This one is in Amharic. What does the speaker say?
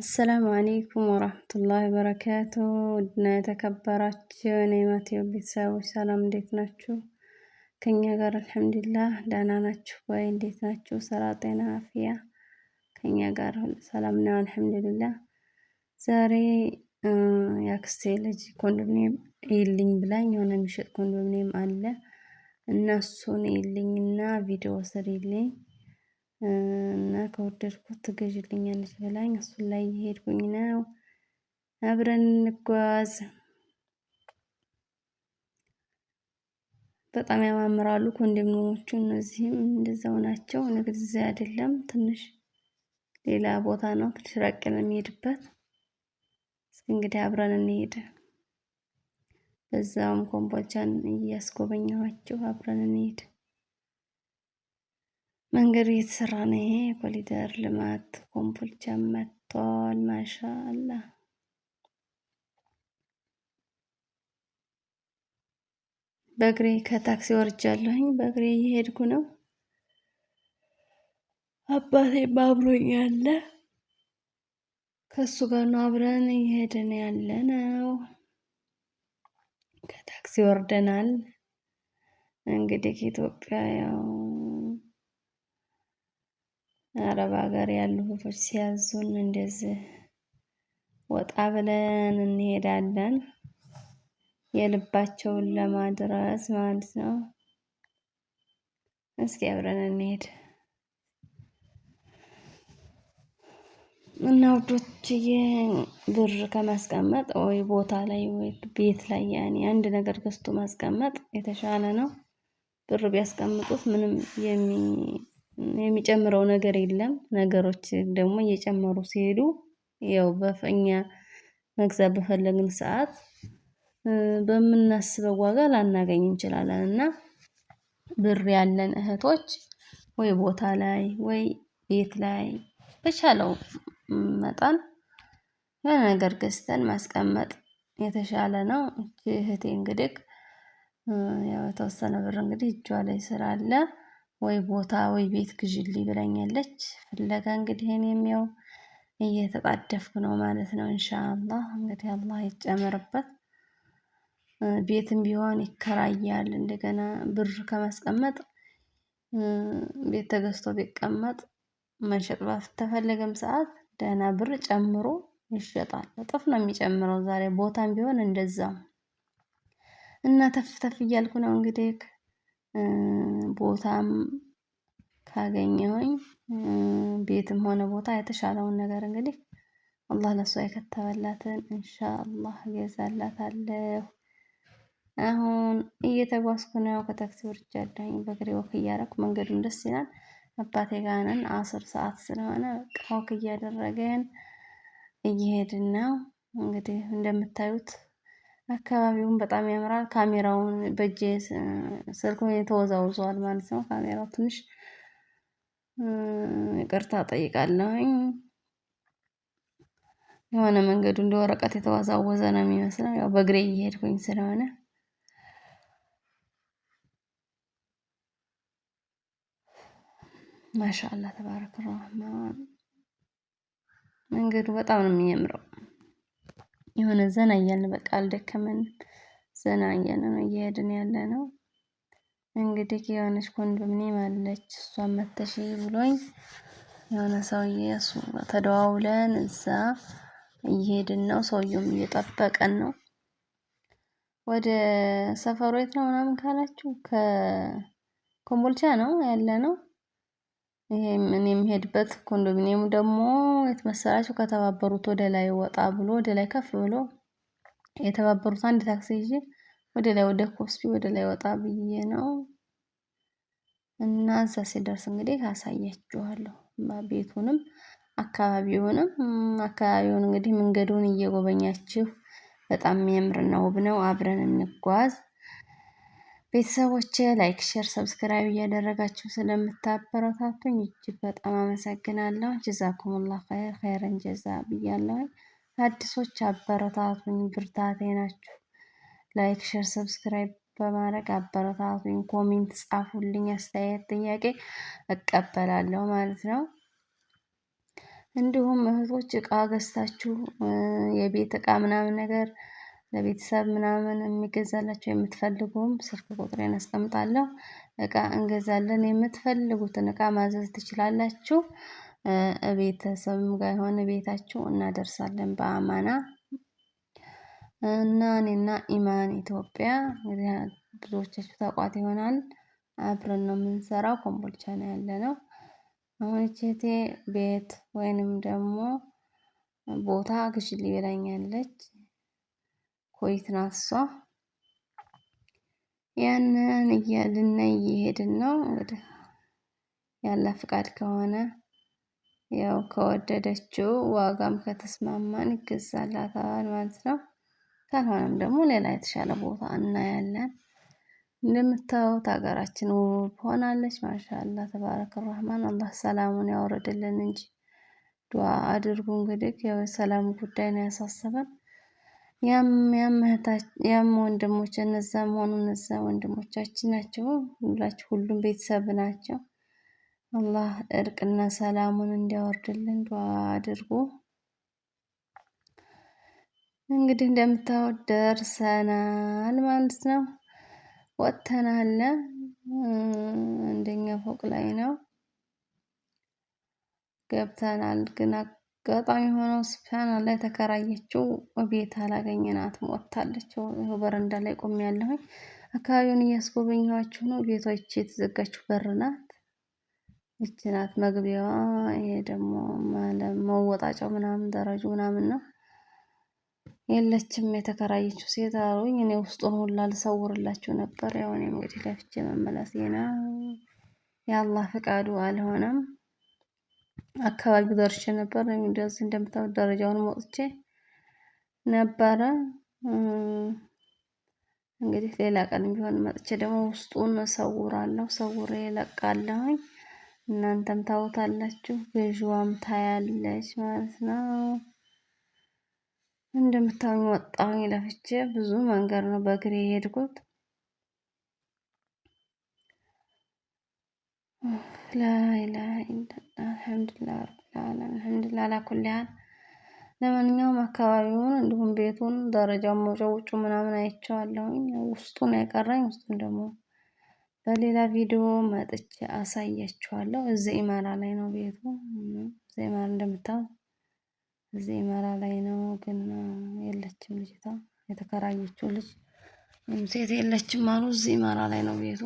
አሰላሙ አሌይኩም ወራህመቱላሂ በረካቱ ውድና የተከበራችሁ የማቴዎ ቤተሰቦች ሰላም እንዴት ናችሁ? ከኛ ጋር አልሐምዱሊላህ ደህና ናችሁ ወይ? እንዴት ናችሁ? ስራ፣ ጤና፣ አፍያ ከኛ ጋር ሰላም ነው አልሐምዱሊላህ። ዛሬ የአክስቴ ልጅ ኮንዶሚኒየም ይልኝ ብላኝ የሆነ የሚሸጥ ኮንዶሚኒየም አለ እና እሱን ይልኝና ቪዲዮ ስር ይልኝ። እና ከወደድኩት ትገዥልኛለች ብላኝ እሱን ላይ እየሄድኩኝ ነው። አብረን እንጓዝ። በጣም ያማምራሉ ኮንዶሚኒየሞቹ። እነዚህም እንደዛው ናቸው። ንግድ እዚህ አይደለም፣ ትንሽ ሌላ ቦታ ነው። ትንሽ ራቅ ነው የሚሄድበት። እስኪ እንግዲህ አብረን እንሄድ። በዛውም ኮምቦልቻን እያስጎበኘኋችሁ አብረን እንሄድ። መንገዱ እየተሰራ ነው። ይሄ ኮሊደር ልማት ኮምቦልቻ መጥቷል። ማሻአላ በእግሬ ከታክሲ ወርጃለሁኝ። በእግሬ እየሄድኩ ነው። አባቴ ባብሮኝ ያለ ከሱ ጋር ነው አብረን እየሄድን ያለ ነው። ከታክሲ ወርደናል። እንግዲህ ከኢትዮጵያ ያው አረብ ሀገር ያሉ እህቶች ሲያዙን እንደዚህ ወጣ ብለን እንሄዳለን። የልባቸውን ለማድረስ ማለት ነው። እስኪ አብረን እንሄድ እና ውዶችዬ፣ ብር ከማስቀመጥ ወይ ቦታ ላይ ወይ ቤት ላይ ያኔ አንድ ነገር ገዝቶ ማስቀመጥ የተሻለ ነው። ብር ቢያስቀምጡት ምንም የሚ የሚጨምረው ነገር የለም። ነገሮች ደግሞ እየጨመሩ ሲሄዱ ያው በፈኛ መግዛት በፈለግን ሰዓት በምናስበው ዋጋ ላናገኝ እንችላለን። እና ብር ያለን እህቶች ወይ ቦታ ላይ ወይ ቤት ላይ በቻለው መጠን የሆነ ነገር ገዝተን ማስቀመጥ የተሻለ ነው። እህቴ እንግዲህ የተወሰነ ብር እንግዲህ እጇ ላይ አለ። ወይ ቦታ ወይ ቤት ግዥል ብለኛለች ፍለጋ እንግዲህ እኔም ያው እየተጣደፍኩ ነው ማለት ነው። ኢንሻአላህ እንግዲህ አላህ ይጨመርበት። ቤትም ቢሆን ይከራያል። እንደገና ብር ከማስቀመጥ ቤት ተገዝቶ ቢቀመጥ መሸጥ ባልተፈለገም ሰዓት ደህና ብር ጨምሮ ይሸጣል። እጥፍ ነው የሚጨምረው ዛሬ ቦታም ቢሆን እንደዛው እና ተፍ ተፍ እያልኩ ነው እንግዲህ ቦታም ካገኘሁኝ ቤትም ሆነ ቦታ የተሻለውን ነገር እንግዲህ አላህ ለሷ የከተበላትን ኢንሻአላህ እገዛላታለሁ። አሁን እየተጓዝኩ ነው ከታክሲ ወርጃለሁኝ በእግሬ ወክ እያረኩ መንገዱም ደስ ይላል። አባቴ ጋር ነን አስር ሰዓት ስለሆነ በቃ ወክ እያደረግን እየሄድን ነው። እንግዲህ እንደምታዩት አካባቢውን በጣም ያምራል። ካሜራውን በእጄ ስልኩ ተወዛውዟል ማለት ነው። ካሜራው ትንሽ ይቅርታ እጠይቃለሁኝ። የሆነ መንገዱ እንደ ወረቀት የተወዛወዘ ነው የሚመስለው። ያው በእግሬ እየሄድኩኝ ስለሆነ ማሻአላህ ተባረከ ረህማን መንገዱ በጣም ነው የሚያምረው። የሆነ ዘና እያልን በቃ አልደከመን ዘና እያልን ነው እየሄድን ያለ ነው። እንግዲህ የሆነች ኮንዶሚኒየም አለች እሷ መተሽ ብሎኝ የሆነ ሰውዬ እሱ ተደዋውለን እዛ እየሄድን ነው። ሰውየውም እየጠበቀን ነው። ወደ ሰፈሩ የት ነው ምናምን ካላችሁ ከኮምቦልቻ ነው ያለ ነው። ይሄ እኔ የምሄድበት ኮንዶሚኒየሙ ደግሞ የተመሰላቸው ከተባበሩት ወደ ላይ ወጣ ብሎ ወደ ላይ ከፍ ብሎ የተባበሩት አንድ ታክሲ ይዤ ወደ ላይ ወደ ኮስፒ ወደ ላይ ወጣ ብዬ ነው። እና እዛ ሲደርስ እንግዲህ አሳያችኋለሁ ቤቱንም አካባቢውንም አካባቢውን እንግዲህ መንገዱን እየጎበኛችሁ በጣም የሚያምርና ውብ ነው። አብረን እንጓዝ። ቤተሰቦቼ ላይክ፣ ሼር፣ ሰብስክራይብ እያደረጋችሁ ስለምታበረታቱኝ እጅግ በጣም አመሰግናለሁ። ጀዛኩሙላ ኸይር ኸይረን ጀዛ ብያለሁኝ። አዲሶች አበረታቱኝ፣ ብርታቴ ናችሁ። ላይክ፣ ሼር፣ ሰብስክራይብ በማድረግ አበረታቱኝ። ኮሜንት ጻፉልኝ፣ አስተያየት፣ ጥያቄ እቀበላለሁ ማለት ነው። እንዲሁም እህቶች እቃ ገዝታችሁ የቤት እቃ ምናምን ነገር ለቤተሰብ ምናምን የሚገዛላቸው የምትፈልጉም ስልክ ቁጥሬን አስቀምጣለሁ። እቃ እንገዛለን የምትፈልጉትን እቃ ማዘዝ ትችላላችሁ። ቤተሰብም ጋር የሆነ ቤታችሁ እናደርሳለን በአማና። እና እኔና ኢማን ኢትዮጵያ እንግዲህ ብዙዎቻችሁ ተቋት ይሆናል። አብረን ነው የምንሰራው ኮምቦልቻ ነው ያለነው። አሁን ቼቴ ቤት ወይንም ደግሞ ቦታ ግሽል ይበላኛለች ኮይት እሷ። ያንን እያልን እየሄድን ነው እንግዲህ ያለ ፍቃድ ከሆነ ያው ከወደደችው ዋጋም ከተስማማን ይገዛላታል ማለት ነው። ካልሆነም ደግሞ ሌላ የተሻለ ቦታ እናያለን። እንደምታዩት ሀገራችን ውብ ሆናለች። ማሻላ ተባረክ ራህማን። አላህ ሰላሙን ያወረድልን እንጂ ዱዓ አድርጉ። እንግዲህ ያው የሰላም ጉዳይ ነው ያሳሰበን። ያም ወንድሞች እነዛ መሆኑ እነዛ ወንድሞቻችን ናቸው። ሁላችሁ ሁሉም ቤተሰብ ናቸው። አላህ እርቅና ሰላሙን እንዲያወርድልን ዱዓ አድርጉ። እንግዲህ እንደምታዩት ደርሰናል ማለት ነው። ወጥተናል። አንደኛ ፎቅ ላይ ነው ገብተናል ግን ገጣሚ ሆኖ ስፔን ላይ ተከራየችው ቤት አላገኘናትም፣ ወጥታለች። በረንዳ ላይ ያለሁኝ አካባቢውን እያስጎበኘኋችሁ ነው። ቤቶች የተዘጋችው በር ናት። ይቺ ናት መግቢያዋ። ይሄ ደግሞ መወጣጫው ምናምን ደረጁ ምናምን ነው። የለችም የተከራየችው ሴት አሉኝ። እኔ ውስጡን ሁላ ልሰውርላችሁ ነበር። ያው እኔም እንግዲህ ለፍቼ መመለስ ዜና የአላህ ፈቃዱ አልሆነም። አካባቢው ደርሼ ነበር። እንደዚህ እንደምታዩት ደረጃውን ወጥቼ ነበረ። እንግዲህ ሌላ ቀን ቢሆን መጥቼ ደግሞ ውስጡን እሰውራለሁ፣ ሰውሬ እለቃለሁኝ። እናንተም ታውታላችሁ፣ ገዥዋም ታያለች ማለት ነው። እንደምታውኝ ወጣሁኝ ለፍቼ። ብዙ መንገድ ነው በእግሬ የሄድኩት። ላይላይ አልሐምዱላ ረብልዓለም አልሐምዱላ አላኩልያን። ለማንኛውም አካባቢውን እንዲሁም ቤቱን ደረጃው መውጫ ውጩ ምናምን አይቼዋለሁኝ። ውስጡን ያቀረኝ ውስጡን ደግሞ በሌላ ቪዲዮ መጥቼ አሳያችኋለሁ። እዚህ ኢማራ ላይ ነው ቤቱ። እዚህ ኢማራ እንደምታው እዚህ ኢማራ ላይ ነው፣ ግን የለችም ልጅቷ የተከራየችው ልጅ ሴት የለችም አሉ። እዚህ ኢማራ ላይ ነው ቤቱ።